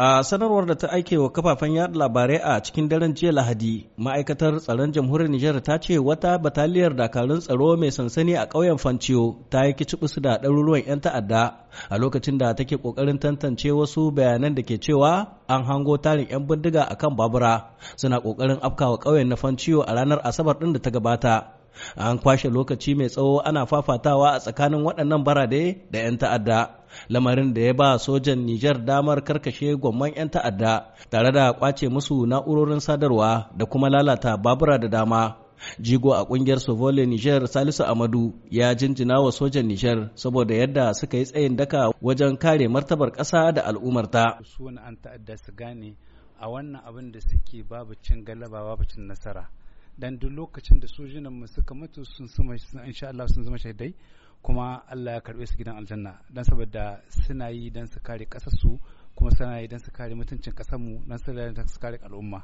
A sanarwar da ta aike wa kafafen yada labarai a cikin daren jiya Lahadi, ma'aikatar tsaron jamhuriyar Nijar ta ce wata bataliyar dakarun tsaro mai sansani a ƙauyen Fanciyo ta yi kicibisu da ɗaruruwan 'yan ta'adda a lokacin da take ƙoƙarin tantance wasu bayanan da ke cewa an hango tarin 'yan bindiga a kan babura suna ƙoƙarin afkawa ƙauyen na Fanciyo a ranar Asabar ɗin da ta gabata. An kwashe lokaci mai tsawo ana fafatawa a tsakanin waɗannan barade da 'yan ta'adda. lamarin da ya ba sojan Nijar damar karkashe gwamman 'yan ta'adda tare da kwace musu na'urorin sadarwa da kuma lalata babura da dama. Jigo a kungiyar Sovole Nijar Salisu Amadu ya jinjina wa sojan Nijar saboda yadda suka yi tsayin daka wajen kare martabar ƙasa da al'ummarta. Su an ta'adda su gane a wannan abin da suke babu cin galaba babu cin nasara. Dan duk lokacin da sojinan mu suka mutu sun insha sun zama shaidai kuma Allah ya karbe su gidan aljanna dan saboda suna yi don su kare ƙasarsu kuma suna yi don su kare mutuncin ƙasarmu don su kare al'umma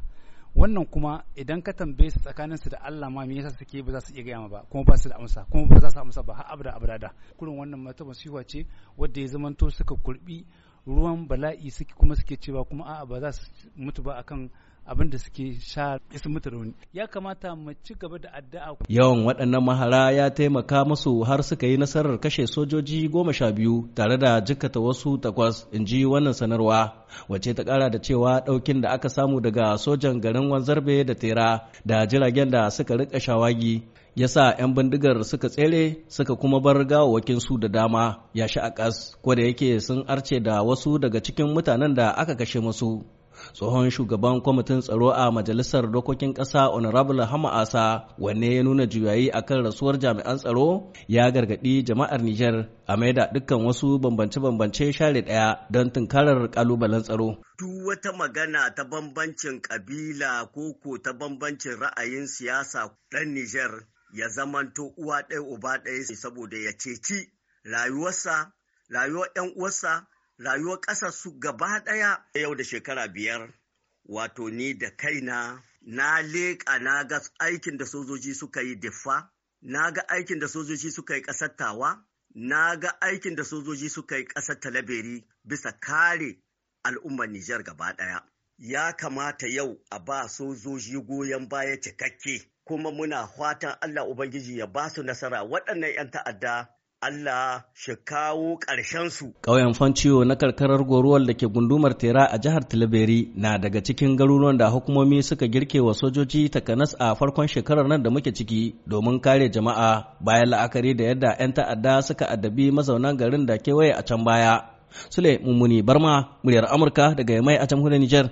wannan kuma idan ka tambaye su tsakanin su da Allah ma me yasa suke ba za su iya gaya ba kuma ba su da amsa kuma ba za su amsa ba har abada abada kurin wannan mata masifa ce wadda ya zamanto suka kurbi ruwan bala'i suke kuma suke cewa kuma a'a ba za su mutu ba akan abin da suke sha su mutu ya kamata mu ci gaba da addu'a yawan waɗannan mahara ya taimaka musu har suka yi nasarar kashe sojoji goma sha biyu tare da jikkata wasu takwas in ji wannan sanarwa wace ta ƙara da cewa ɗaukin da aka samu daga sojan garin wanzarbe da tera da jiragen da suka rika shawagi ya sa 'yan bindigar suka tsere suka kuma bar gawawakin su da dama ya shi a ƙas ko da yake sun arce da wasu daga cikin mutanen da aka kashe musu tsohon shugaban kwamitin tsaro a majalisar dokokin ƙasa honorable hama asa wanne ya nuna juyayi akan rasuwar jami'an tsaro ya gargaɗi jama'ar niger a maida dukkan wasu bambance-bambance share ɗaya don tunkarar ƙalubalen tsaro duk wata magana ta bambancin ƙabila ko ta bambancin ra'ayin siyasa ɗan niger ya zamanto uwa ɗaya uba ɗaya saboda ya ceci rayuwarsa rayuwar 'yan uwarsa rayuwar ƙasa su gaba ɗaya yau da shekara biyar wato ni da kaina na leƙa na ga aikin da sojoji suka yi diffa na ga aikin da sojoji suka yi ƙasar tawa na ga aikin da sojoji suka yi ƙasar talaberi bisa kare al'ummar Nijar gaba ɗaya. Ya kamata yau a ba sojoji goyon baya cikakke kuma muna fatan Allah Ubangiji ya ba su nasara waɗannan 'yan ta'adda Allah shi kawo su. Ƙauyen Fanciyo na karkarar goruwar da ke gundumar Tera a jihar Tilaberi na daga cikin garuruwan da hukumomi suka girke wa sojoji takanas a farkon shekarar nan da muke ciki domin kare jama'a bayan la'akari da yadda 'yan ta'adda suka addabi mazaunan garin da kewaye a can baya. Sule Mummuni Barma, muryar Amurka daga Yamai a jamhuriyar Nijar.